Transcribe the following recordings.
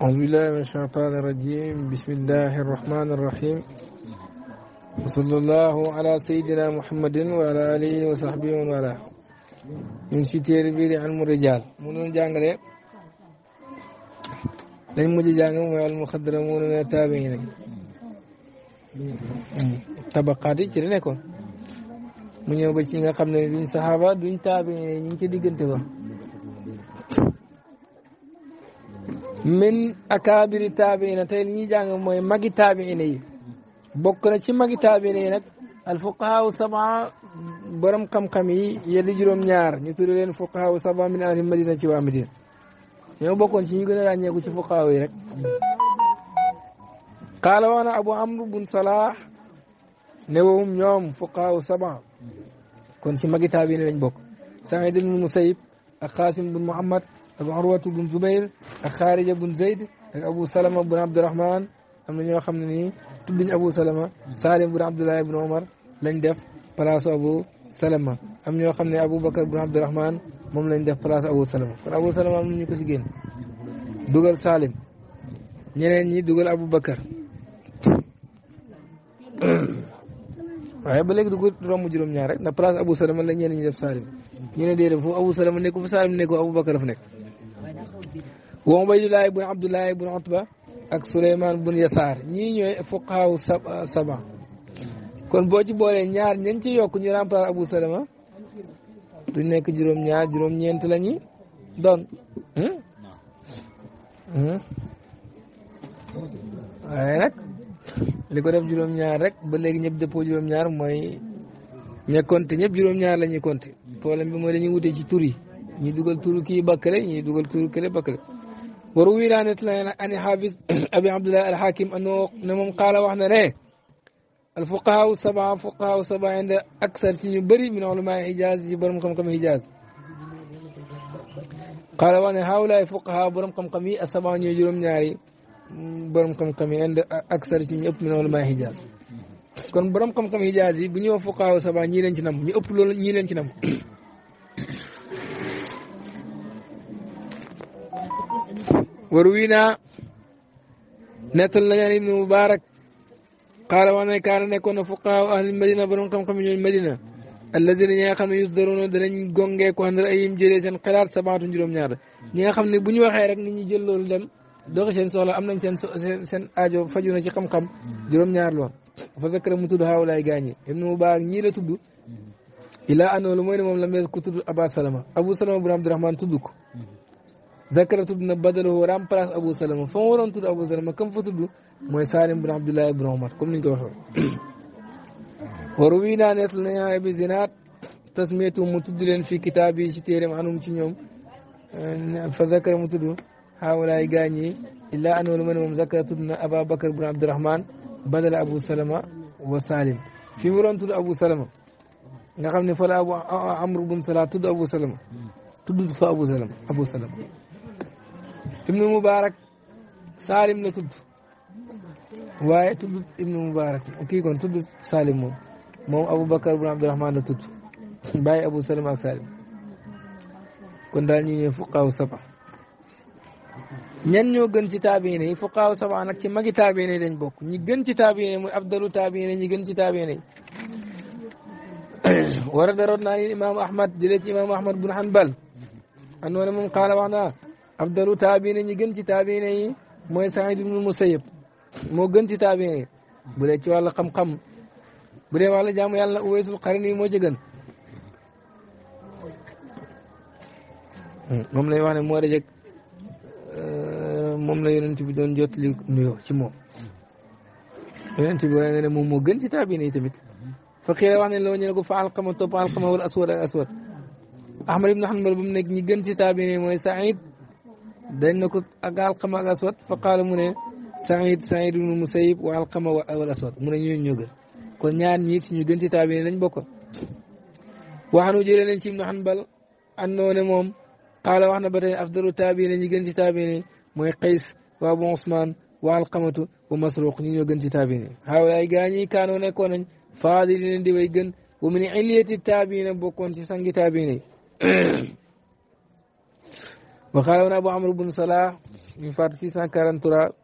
أعوذ بالله من الشيطان الرجيم بسم الله الرحمن الرحيم وصلى الله على سيدنا محمد وعلى آله وصحبه ومن والاه من شتير بير علم الرجال من جانغري لن مجي جانغم والمخدرمون من التابعين طبقات ci nekkoon mu ñëw ba ci nga xam ne duñ saxaaba duñ min akaabiri taabiina tey li ñuy jàng mooy magi taabiina yi bokk na ci magi taabiina yi nag alfuqahaawu sabaa borom xam-xam yi yeddi juróom-ñaar ñu tudd leen fuqahaawu sabaa min ahli madina ci waa madina ñoo bokkoon ci ñu gën a ràññeeku ci fuqahaaw yi rek qaala wax na abu amr bun salah ne wowum ñoom fuqahaawu sabaa kon ci magi taabiina lañ bokk saïd ibn musayib ak xaasim bun muhammad ak urwatu bun zubayr ak xaarija bun zayd ak abu salama bun abdurahman am na ñoo xam ne nii tudduñ abu salama salim bun abdullahi bun omar lañ def place abu salama am ñoo xam ne abu bakar bun abdurahman moom lañ def place abu salama kon abu salama am na ñu ko si génn dugal salim ñeneen ñi dugal abu bakar waaye ba léegi du ko romb juróom-ñaar rek ndax place abu salama la ñeneen ñi def salim ñu ne déedéet foofu abu salama nekku fa salim nekku abu bakar fa nekk wa Ubaydullaah bun Abdullaah bun Utba ak Souleymane bun Yasaar ñii ñooy fuqaawu euh, saba kon boo ci boolee ñaar ñañ ci yokk ñu remplacer Abu Salama du nekk juróom-ñaar ñeent la ñuy doon. Hmm? Hmm? waaye nag li ko def juróom-ñaar rek ba léegi ñëpp dëppoo juróom-ñaar mooy ña compter ñëpp juróom-ñaar la ñuy compter problème bi mooy dañuy wutee ci tur yi ñuy dugal turu kii bakkale ñuy dugal turu kële bakkale. وروي لنا نتلين يعني عن حافظ أبي عبد الله الحاكم أنه نمم قال وحنا نه الفقهاء السبعة فقهاء السبعة عند أكثر شيء بري من علماء الحجاز يبرم كم كم حجاز قال وانا هؤلاء فقهاء برم كم كم السبعة يجرم ناري برم كم كم عند أكثر شيء أب من علماء الحجاز kon برم كم كم حجازي jaas yi bu ñuy wax fuqaaw saba ñii leen ci nam ñu waruwina nettal nañu an ibnu mubarak qaala wax na kaana nekkoon na fuqahaa ahli madina borom xam-xam ñooñ madina alladina ñi nga xam ne yusdaruuna danañ gongee ko andar ayim jëlee seen xalaat sabaatu juróom-ñaar ñi nga xam ne bu ñu waxee rek nit ñi jël loolu dem doxi seen soxla am nañ seen seen seen aajo faju na ci xam-xam juróom-ñaar lool fa zakara mu tudd haawlaay gaañi ibnu mubarak ñii la tudd ilaa anoo lu mooy ne moom la mees ku tudd aba salama abou salama bun abdurahman tudd ko ذكرت ابن بدر هو رام براس ابو سلمة فورن تود ابو سلمة كم فتود موي سالم بن عبد الله بن عمر كم نيكو خو وروينا نتلنا ابي زينات تسميته متدلن في كتابي شتيرم انوم تي نيوم فذكر متدو هؤلاء غاني الا ان من ذكرت ابن ابا بكر بن عبد الرحمن بدل ابو سلمة وسالم في مرون تود ابو سلمة نخمني فلا ابو عمرو بن سلام تود ابو سلمة تود ابو سلمة, أبو سلمة. ibnu Mubaarak Salim la tudd waaye tudd ibnu Mubaarak kii kon tudd Salim moom moom Aboubacar ibnu Abdurahman la tudd bàyyi Abou Salim ak Salim kon daal ñu ne fuqaaw saba ñan ñoo gën ci taabiine yi fuqaaw saba nag ci magi taabiine yi dañ ñi gën ci taabiine muy abdalu taabiine ñi gën ci taabiine yi warada root Ahmad jëlee ci imaamu Ahmad bun Hanbal andoona moom qaala wax afdalu taabiina ñi gën ci taabiina yi mooy Saïd ibnu Musayyib moo gën ci taabiina yi bu dee ci wàllu xam-xam bu dee wàllu jaamu yàlla na Uwaysul Qarni moo ci gën moom lay wax ne moo dajeg euh, moom la yonent bi doon jot li nuyoo ci moom yonent bi waaye ne moom moo gën ci taabiina yi tamit faqiira wax ne loo ñu ne ko fa alqama topp alqama wala aswad ak aswad ahmad ibnu hanbal ba mu nekk ñi gën ci taabiina yi mooy Saïd dañ ne ko ak alqama ak aswad fa qaala mu ne saïd saïd ibnu musayib wa alqama wal aswad mu ne ñooñu ñoo gën kon ñaar ñii ci ñu gën ci taabi lañ bokk waxanu jëlee nañ ci ibnu hanbal annoo ne moom qaala wax na ba tey afdalu taabi ne ñi gën ci taabi ne mooy wa abu usman wa alqamatu wa masruq ñi ñoo gën ci taabi ne xawlaay gaa ñi kaanoo nekkoon nañ faadili leen di way gën wa min illiyati taabi ne bokkoon ci sangi taabi وقال أبو عمرو بن صلاح من فارسي 643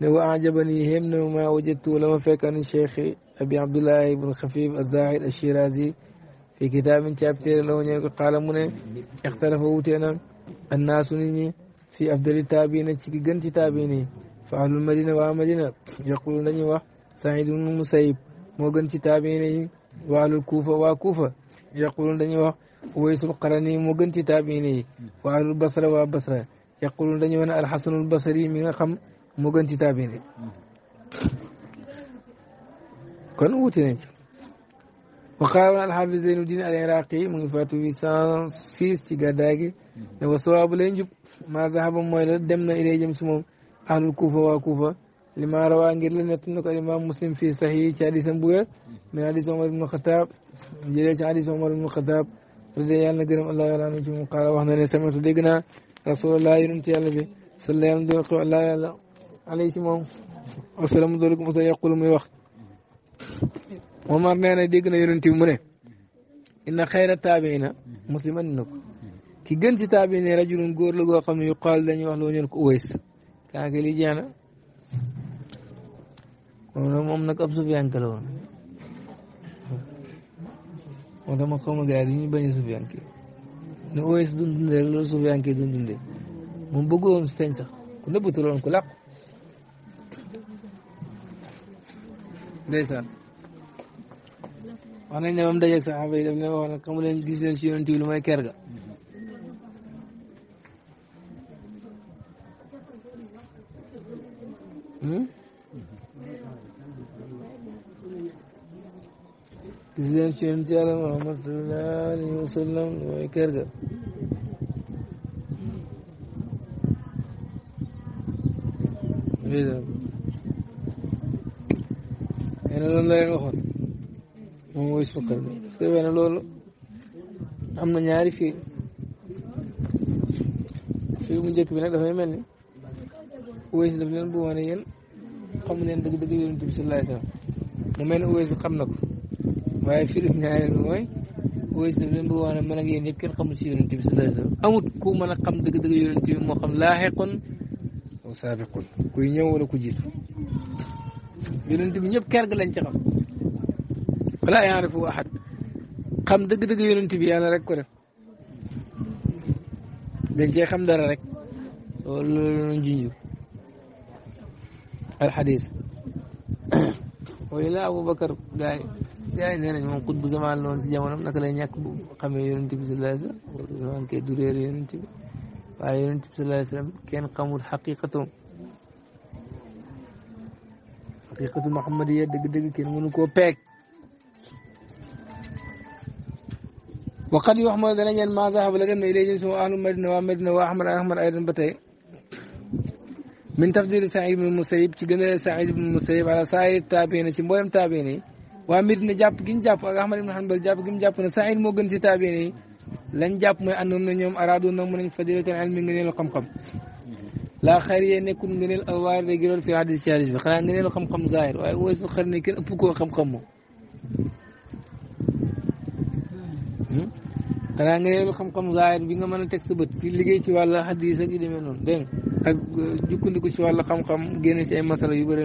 لو أعجبني هم ما وجدت لما فكان الشيخ أبي عبد الله بن خفيف الزاهد الشيرازي في كتاب شابتر له قال من اختلف وتنا الناس في أفضل التابعين تشكي في تابعين فأهل المدينة ومدينة يقولون لني سعيد بن مسيب مو جن تابعين وأهل الكوفة وكوفة يقولون لني ويس القرني مغنتي تابيني وعلى البصرة وبصرة يقولون لني وانا الحسن البصري من خم مغنتي تابيني كان وتنين وقال الحافظ زين الدين العراقي من فاتو في سيس تيغاداغي وصواب لنجب ما ذهب مويل دمنا إليه جمس أهل الكوفة وكوفة لما روى عن جرل نتنك الإمام مسلم في صحيح حديث بوير من حديث عمر بن الخطاب جريت حديث عمر بن الخطاب radi yàlla na gërëm allah yàlla ci moom qaala wax na ne samitu dégg naa rasulallah yonent yàlla bi salla yàlla dool xew allah yàlla alay ci moom wasalaamu dooleku mosa yaqul muy wax Omar nee na dégg na yonent bi mu ne inna xayra taabiina musliman na ko ki gën ci taabiin ne rajulun góor la goo xam ne yu qaal dañuy wax loo ñeen ko uweys kaake li jeex na moom nag ab sufiyanke la woon moo tax ma xaw ma gars yi dañuy bañ a sufiyanke ne OS duñ dundee rek loolu sufiyanke duñ dundee moom bëggoon feeñ sax ku nëbbatu loon ku ne ba mu dajeeg saxaaba yi daf leen leen gis leen si yonent yi lu ci yonent yàlla Muhammad sallallahu wa sallam mooy kër ga ene loolu la leen waxoon moom mooy suñu kër am na ñaari fii fii bu njëkk bi nag dafay mel ni Uways daf leen bu wane yéen xamu leen dëgg-dëgg yonent bi sallallahu alayhi wa sallam mu mel ni Uways xam na waaye firif naa leen mooy woy sa leen bëgg wax ne man ak yéen ñëpp kenn xamul si yonent bi sallallahu alayhi wa sallam amut ku mën a xam dëgg-dëgg yonent bi moo xam laaxiqun aw saabiqun kuy ñëw wala ku jiitu yonent bi ñëpp kerg lañ ci xam wala yaarifu ahad xam dëgg-dëgg yonent bi yàlla rek ko def dañ cee xam dara rek loolu loolu junju alxadis wala Abubakar gaay gaa yi nee nañ moom xutbu zamaan la woon si jamonoom naka lay ñàkk bu xamee yonent bi sallallahu alayhi wasallam xutbu zamaan kay du réer yonent bi waaye yonent bi sallallahu alayhi wasallam kenn xamul xaqiqatoom xaqiqatu Muhammadiya dëgg-dëgg kenn mënu koo peeg waqad yu axmad dana ngeen ma zahaba la demee ilay suma ahlu madina waa madina waa ahmad ahmad aydan ba tey min tafdil Saïd ibn Musayyib ci gën a Saïd ibn Musayyib ala saayir taabiina ci mboolem taabiina yi waa Medina jàpp gi ñu jàpp ak Ahmad ibn Hanbal jàpp gi mu jàpp ne Saïd moo gën si taabéen yi lañ jàpp mooy àndoon na ñoom araado na mu nañ fadilatal ilmi ngëneelu xam-xam laa xayr yee nekkul ngëneel alwaar de girool fi hadis si hadis bi xanaa ngëneelu xam-xam zahir waaye wooy su xar ne koo xam-xam moom hmm? xanaa ngëneelu xam-xam zahir bi nga mën a teg sa bët si liggéey ci wàllu hadis ak yu demee noonu dégg ak euh, jukkandiku ci wàllu xam-xam génne si ay masala yu bëri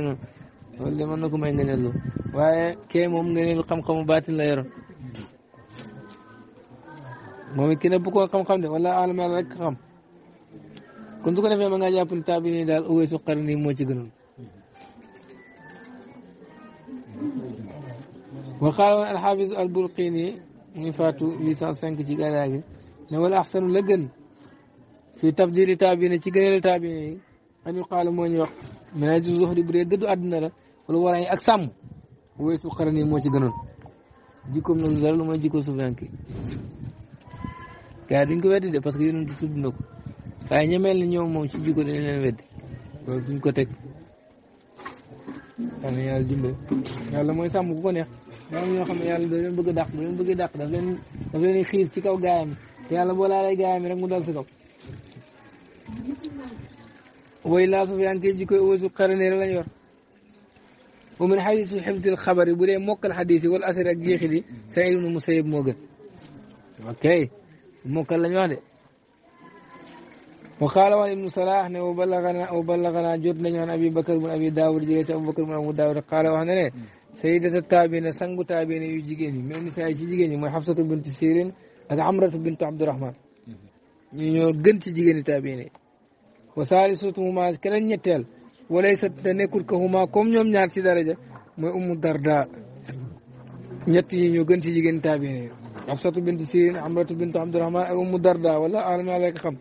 loolu de mën na ko may ngëneel lu waaye kee moom ngëneelu xam-xamu baatin la yoroon moom it ki ne bu ko xam-xam de wala alam yàlla rek xam kon ko defee ma nga jàpp ne taabi daal uwe su xar nii moo ci gënoon wa qaala woon alxaafis albulqiini muy faatu huit cent ci gàddaa gi ne wala axsanu la gën fii tabdili ci gëneelu taabi ne yi an moo ñu wax mais zuhdi bu dee dëddu àdduna la wala war ak sàmm woy su xarani moo ci gënoon jikkoom nag dara lu mooy jikko sufiyanke gars yi duñ ko weddi de parce que yonent tudd na ko waaye ñemeel ni ñoom moom ci jikko dañ leen weddi loolu fuñ ko teg xam ne yàlla dimbal yàlla mooy sàmm ku ko neex daa ñoo ne yàlla bëgg a dàq da leen bëgg a daf leen xiir ci kaw gaayam te yàlla boo laalee gaayam rek mu dal sa kaw woy laa sufiyanke jikko woy su xarani rek wa min xaysu xifdil xabari bu dee mokkal xadis yi wala asar ak jeexit yi Saïd ibnu Musayib moo gën ok mokkal lañ wax de wa qaala waan ibnu Salaah ne wa ballagana wa ballagana jot nañu an abi bakar bun abi daawud jëlee ci abubakar bun abu daawud qaala wax na ne sayidata taabina sangu taabina yu jigéen ñi même nisaa yi ci jigéen ñi mooy xafsatu bintu sirin ak amratu bintu abdurahman ñu ñoo gën ci jigéen ñi taabina yi wa saalisatuhuma keneen ñetteel walaysa te nekkul ka huma comme ñoom ñaar si daraja mooy umu darda ñett yi ñoo gën ci jigéen taabiin Absatu bint Sirin Amratu bint Abdurahman ak umu darda wala alama yàlla ko xam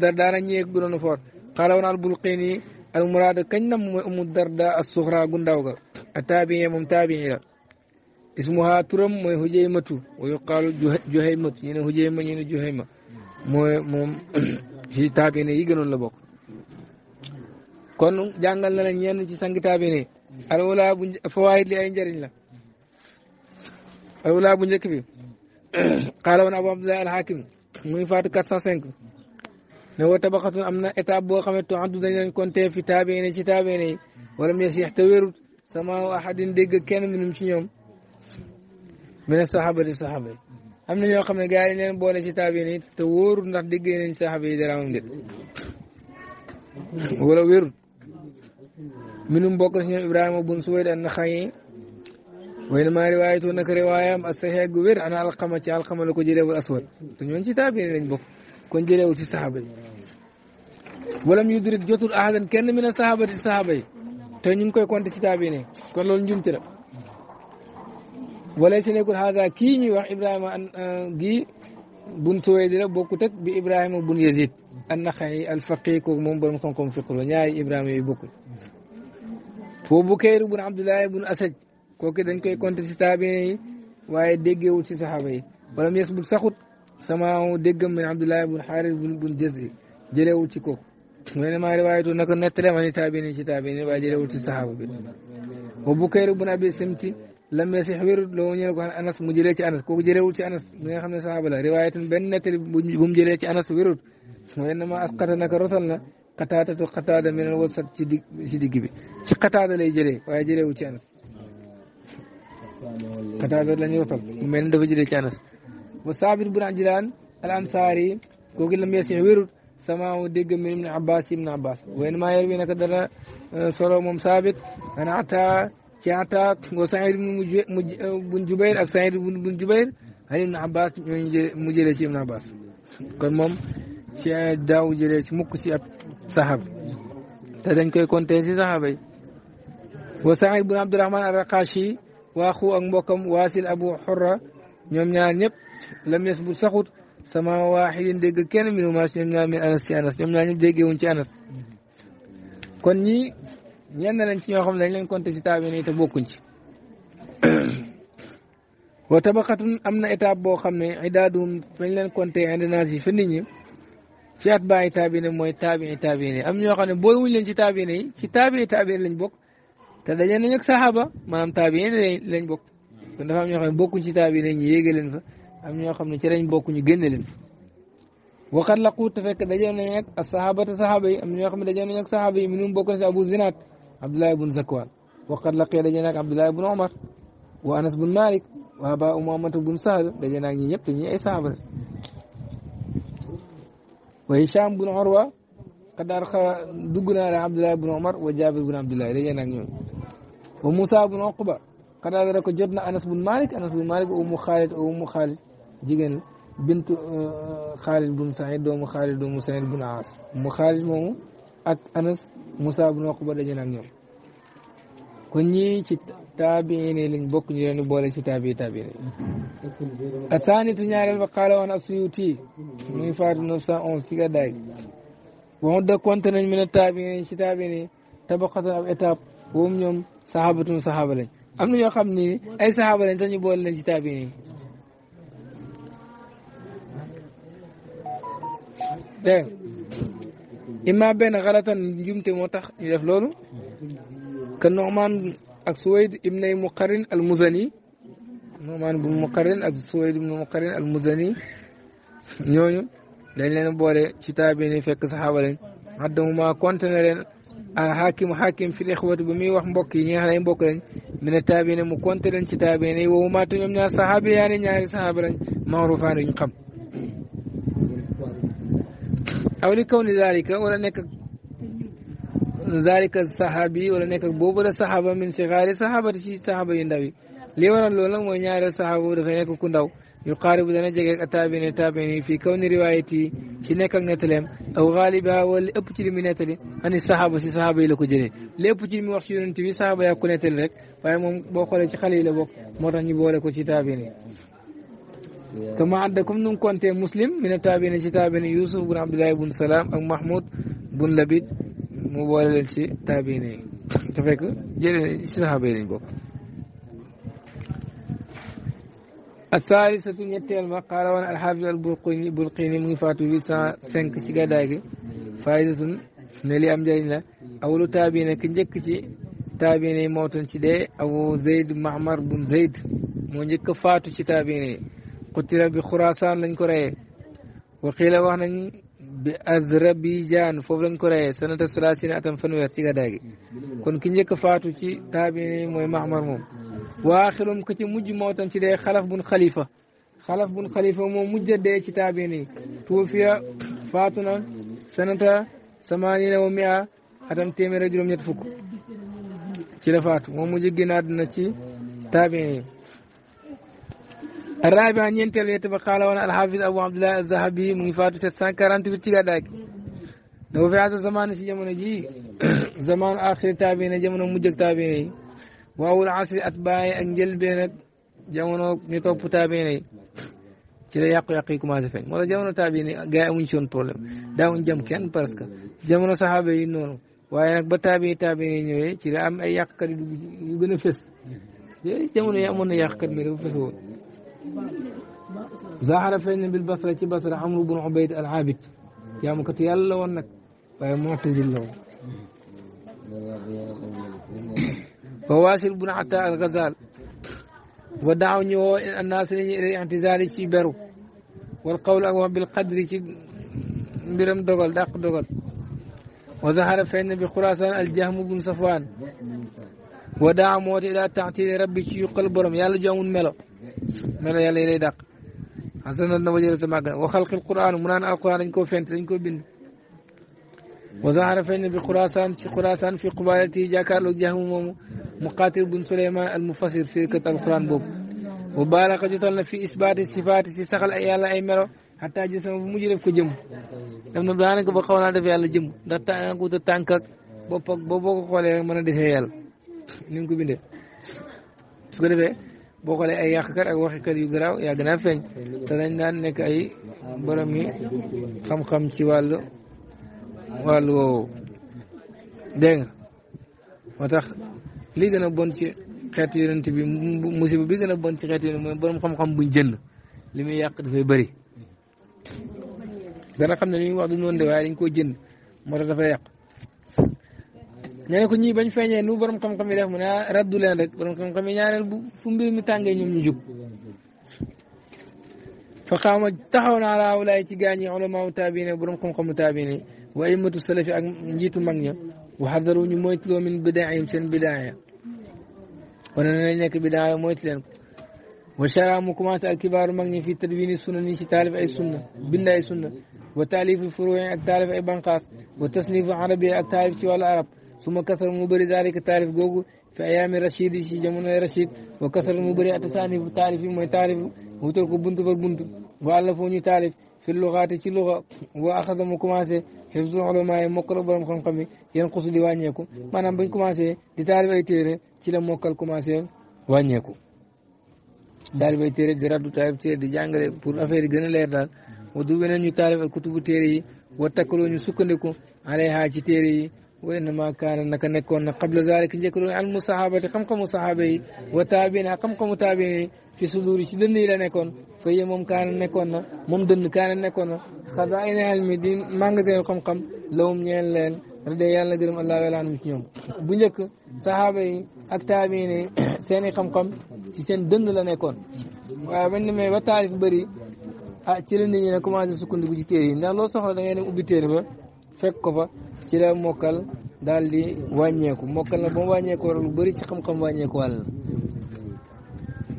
darda nag ñeeg gënoon a foor xaalawoon albulqiini al muraada kañ nam mooy umu darda as suxra gu ndaw ga a taabiin moom taabiin la ismuha turam mooy hujaymatu wa yuqaalu juhaymatu ñu ne hujayma ñu ne juhayma mooy moom ci taabiin yi gënoon la bokk kon jàngal na la ñenn ci sangitaabe ne alwala bu fawaayit li ay njëriñ la alwala bu njëkk bi xaala woon abu abdullah alhakim muy faatu 405 ne wa tabaxatun am na étape boo xam ne tuaddu dañ leen compté fi taabeene ci taabeene yi wala mu yeex te wérut sama ahadin dégg kenn minum ci ñoom mi ne saxaaba di saxaaba yi am na ñoo xam ne gars yi leen boole ci taabeene yi te wóorut ndax déggee nañ saxaaba yi dara moom déet wala wérut منهم بكر شنو إبراهيم بن سويد أن وين ما رواية تونك رواية أسهى غير أنا القمة تي القمة لو كجيرة الأسود تنيون كتاب يعني بوك كون جيرة وتي صحابة ولم يدرك جوتو أحد كان من الصحابة الصحابة تنيون كوي كون كتاب يعني كون لون جم ترى وليس نقول هذا كيني وح إبراهيم بن سويد لا بوكتك بإبراهيم بن يزيد أن الفقيه كم من بن خم كم فقلو إبراهيم بوكتك foofu Bukayr bun Abdullah bun Asaj kooku dañ koy compter si taabiin yi waaye déggeewul si saxaaba yi wala mu yes bu saxut sama déggam min Abdullah bun Xaaris bun bun Jazri jëleewul ci kooku mooy ne maa riwaayatu na ko nettale ma ni taabiin yi si taabiin yi waaye jëleewul si saxaaba bi wa Bukayr bun Abi Simti lam yasix wérut loo ñu ne ko Anas mu jëlee ci Anas kooku jëleewul ci Anas mi nga xam ne saxaaba la riwaayatun benn nettali bu mu jëlee ci Anas wérut mooy ne ma asqata naka rotal na xataatatu xataada min al wasat ci digg ci digg bi ci xataada lay jëlee waaye jëlee wu ci anas xataada la ñuy waxal mu mel ni dafa jëlee ci anas wa saabit bun ajlaan al ansaari kooku lam yasix wérut samaawu dégg min ibni abbas ibni abbas wayn maa yer bi naka dara euh, solo moom saabit an ata ci ata wa saïd bun euh, jubayr ak saïd bun jubayr an ibni abbas ñooñu mu jëlee ci ibni abbas kon moom ci daaw jëlee ci mukk ci ab saxaaba te dañ koy compter si saxaaba yi wa Saïd bin Abdurahman ar-Raqashi waaxu ak mbokkam waasil abu xurra ñoom ñaar ñëpp lam yes bu saxut sama waaxidin dégg kenn minu maas ñoom ñaar min anas ci anas ñoom ñaar ñëpp déggewuñ ci anas kon ñi ñenn lañ ci ñoo xam ne dañ leen compter si taabi ne te bokkuñ wa tabaqatun am na étape boo xam ne idaaduhum fañ leen compter indi naas yi fa nit ñi fi at bàyyi taabiine mooy taabii taabiine am ñoo xam ne boole wuñ leen ci taabiine yi ci taabii taabiine lañ bokk te daje nañ ak saxaaba maanaam taabiine lañ bokk kon dafa am ñoo xam ne bokkuñ ci taabiine ñu yéege leen fa am ñoo xam ne ci lañ bokk ñu génne leen fa waxat laqu te fekk daje nañ ak saxaaba te saxaaba yi am ñoo xam ne daje nañ ak saxaaba yi minum bokk na si abu zinaat abdullahi bun zakwaan waxat laqee daje nañ ak abdullahi bun omar wa anas bun malik wa aba umamata bun sahal daje nañ ñi ñëpp ñi ay saxaaba wa Hicham bun Urwa xadaar xa dugg naa la Abdullah bun Omar wa Jabir bun Abdullah dañee nag ñoom wa Moussa bun Uqba xadaar dara ko jot na Anas bun Malik Anas bun Malik wa Umu Xaalid wa Umu Xaalid jigéen bintu euh, Xaalid bun Saïd doomu Xaalid doomu Saïd bun Aas mu Xaalid moomu ak Anas Moussa bun Uqba dañee nag ñoom kon ñii ci taabiin yi lañ bokk ñu leen boole ci taabi taabiin yi asaanitu ñaareel ba xaala woon asuyuti muy faatu neuf cent onze ci gàddaay gi bon de compte nañ mu ne taabiin ci taabiin yi ab étape boobu ñoom saxaabatun saxaaba lañ am na ñoo xam ni ay saxaaba lañ sax ñu boole leen ci taabiin yi dégg imma benn xalatan njumte moo tax ñu def loolu كان نعمان اك سويد ابن مقرن المزني نعمان بن مقرن اك سويد بن مقرن المزني نيونيو دنج لين بوله كتاب ني فك صحابه لين حدهما كنت نلين الحاكم حاكم في الاخوه بمي واخ مبوكي ني خاي مبوك لين من التابعين مو كنت لين كتابين وما إيوه تنم نيا صحابي يعني نياري صحاب لين معروفان ني خم اولي كون ذلك ولا نك zalika saxaabi wala nekk boobu la saxaaba min sixaari saxaabati ci saxaaba yu ndaw yi li waral loolu nag mooy ñaareel saxaaba boobu dafay nekk ku ndaw yu xaaribu dana jege a taabine taabine fii kaw ni riwaayat yi ci nekk ak nettaleem aw xaaliba wala ci li mu nettali ani saxaaba si saxaaba yi la ko jëlee lépp ci li mu wax ci yonent bi saxaaba yaa ko nettali rek waaye moom boo xoolee ci xale yi la bokk moo tax ñu boole ko ci taabine kama adda comme nu mu compté muslim mina taabine ci mu boole leen ci taabiine yi te fekk jëlee ci saxaaba yi lañ bokk asaalisatu ñetteel ma qaala woon alxaafis albulqini bulqini mu ngi faatu huit cent cinq ci gàddaay gi faidatun ne li am njëriñ la awalu taabiine ki njëkk ci taabiine yi mootoon ci dee abu zeyd mahmar bun zeyd moo njëkk faatu ci taabiine yi qutila bi xuraasaan lañ ko reyee waqiila wax nañ bi Azrabijaan foofu lañ ko reyee sanata salaasina atam ci gàddaay gi kon ki njëkk faatu ci taabiin mooy Mahmar moom wa ko ci mujj mootam ci dee xalaf bun xalifa xalaf bun xalifa moom mujj a dee ci taabiin yi tuufiya faatu na sanata samaanina wa mia atam téeméer ak juróom-ñett ci la faatu moom mujj génn àdduna ci taabiin Rabi'a ñeenteel yett ba xaala woon alxaafis Abu Abdullah Az-Zahabi mu ngi faatu 748 ci gàddaay gi dafa fi asa zamaan si jamono ji zamaanu axiri taabiina jamono mujj ak taabiina yi waawul asri at bàyyi ak njëlbeen ak jamono ñu topp taabiina yi ci la yàqu-yàqu yi commencé feeñ moo tax jamono taabiina yi gars yi amuñ si woon problème daawuñ jëm kenn parce que jamono saxaaba yi noonu waaye nag ba taabi taabiina yi ñëwee ci la am ay yàqkat yu dugg yu gën a fës jamono yi amoon na yàqkat mais dafa fës woon zahara feeñ na bil basra ci basra amru bun ubayd al abid jaamukatu yàlla la woon nag waaye mu'tazil la woon wa waasil bun atta al ghazal wa daaw ñu woo annaas nañu ilay intizaali ci beru wal qawl ak wax bil qadri ci mbiram dogal dàq dogal wa zahara feeñ na bi xurasaan al jahmu bun safwaan wa daaw moo te ila taatili rabbi ci yuqal borom yàlla ju amul melo melo yàlla yi lay dàq حسن الله وجهه سماك وخلق القرآن منان القرآن إنكو فين إنكو بين وظهر فين بخراسان في خراسان في قبائل تيجا كارلو جهمو مقاتل بن سليمان المفسر في كتاب القرآن بوب وبارك جسالنا في إثبات صفات سخل أيالا أيمرو حتى جسم مجرب كجم لما بلانك بقونا دفع الجم دتا أنكو تتانكك بوبوك بوبوك خوالي من دسيال نينكو بين سكرة boo xoolee ay yàqkat ak waxikat yu garaaw yàgg naa feeñ te dañ nekk ay borom yi xam-xam ci wàllu wàllu woowu dégg nga moo tax lii gën a bon ci xeet xeetu yonent bi musiba bi gën a bon ci xeetu yonent mooy borom xam-xam buñ jënd li muy yàq dafay bëri dana xam ne li ñuy wax du noonu de waaye dañ koo jënd moo tax dafay yàq ñu ku ko ñii bañ feeñee nu borom xam-xam yi def mu ne ah raddu leen rek borom xam-xam yi ñaareel tàngee ñoom ñu jub fa xaama taxaw naa laa walaay a gaañ yi ulamaaw taabiine borom xam-xamu taabiine wa aimatu salafi ak njiitu mag ña wa xadaru ñu moytuloo min bidaayim seen bidaaya wane na lañ nekk bidaaya moytu leen ko wa chara mu commencé ak kibaaru mag ñi fii tadwini sunna nii ci taalif ay sunna bind ay sunna wa taalifu furuin ak taalif ay banqaas wa tasnifu arabi ak taalif ci wàllu arab su ma kasar mu bëri zaalika taarif googu fi ayaami rachid yi si jamonoy rachid wa kasar mu bëri atasaanif taarif yi mooy taarif wutal ko buntu ba buntu wa àlla foo ñu taarif fi luxaati ci luxa wa axada mu commencé xifsul ulama yi mokkal borom xam-xam yi yan xusu di wàññeeku maanaam bañ commencé di taarif ay téere ci la mokkal commencé wàññeeku taarif ay téere di raddu taarif téere di jàngale pour affaire yi gën a leer daal wa du weneen ñu taarif ak kutubu téere yi wa takkaloo ñu sukkandiku alayha ci téere yi وإنما كان أنك نكون قبل ذلك يقولون عن مصاحبة قمق مصاحبي وتابعين قمق متابعين في صدور شدني لنكون فهي ممكن كان نكون ممدن كان نكون خضائنا المدين ما نقدر قمقم لو من لين رضي الله الله ولا نمتيهم بنجك صحابي أكتابين سيني قمقم تسين دن لنكون وعندما آه، آه، ما بتعرف بري أتلني نكون عزيز سكون بجتيرين لا لا صحة لأنني أبتيرين فكفا ci la mokal daal di wàññeeku mokkal na ba mu wàññeeku war lu bëri ci xam-xam wàññeeku wàll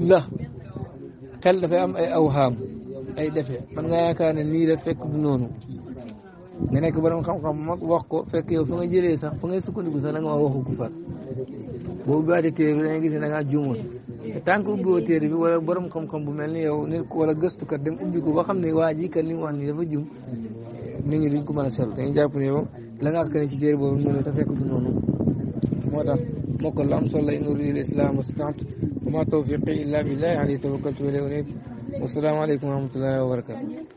la xel dafay am ay awhaam ay defe man nga yaakaar ne nii la fekk du noonu nga nekk borom xam-xam mag wax ko fekk yow fa nga jëlee sax fa ngay sukkandiku sax da nga waxu ko far boo ubbiwaatee téere bi da ngay gis ne da ngaa juumoon te tant que ubbiwoo téere bi wala borom xam bu mel ni yow nit wala gëstukat dem ubbi ko ba xam ne waa ji kat li mu wax nii dafa jum nit ñi duñ ko mën a seetlu dañuy la nga askan ci téere boobu noonu te fekk du noonu moo tax mokkal lu am solo la in uriidu illal islaaha mastata'tu wa maa tawfiiqii illaa billaahi alayhi tawakkaltu wa ilayhi uniib wa salaamu aleykum wa rahmatullaahi wa barakaatuh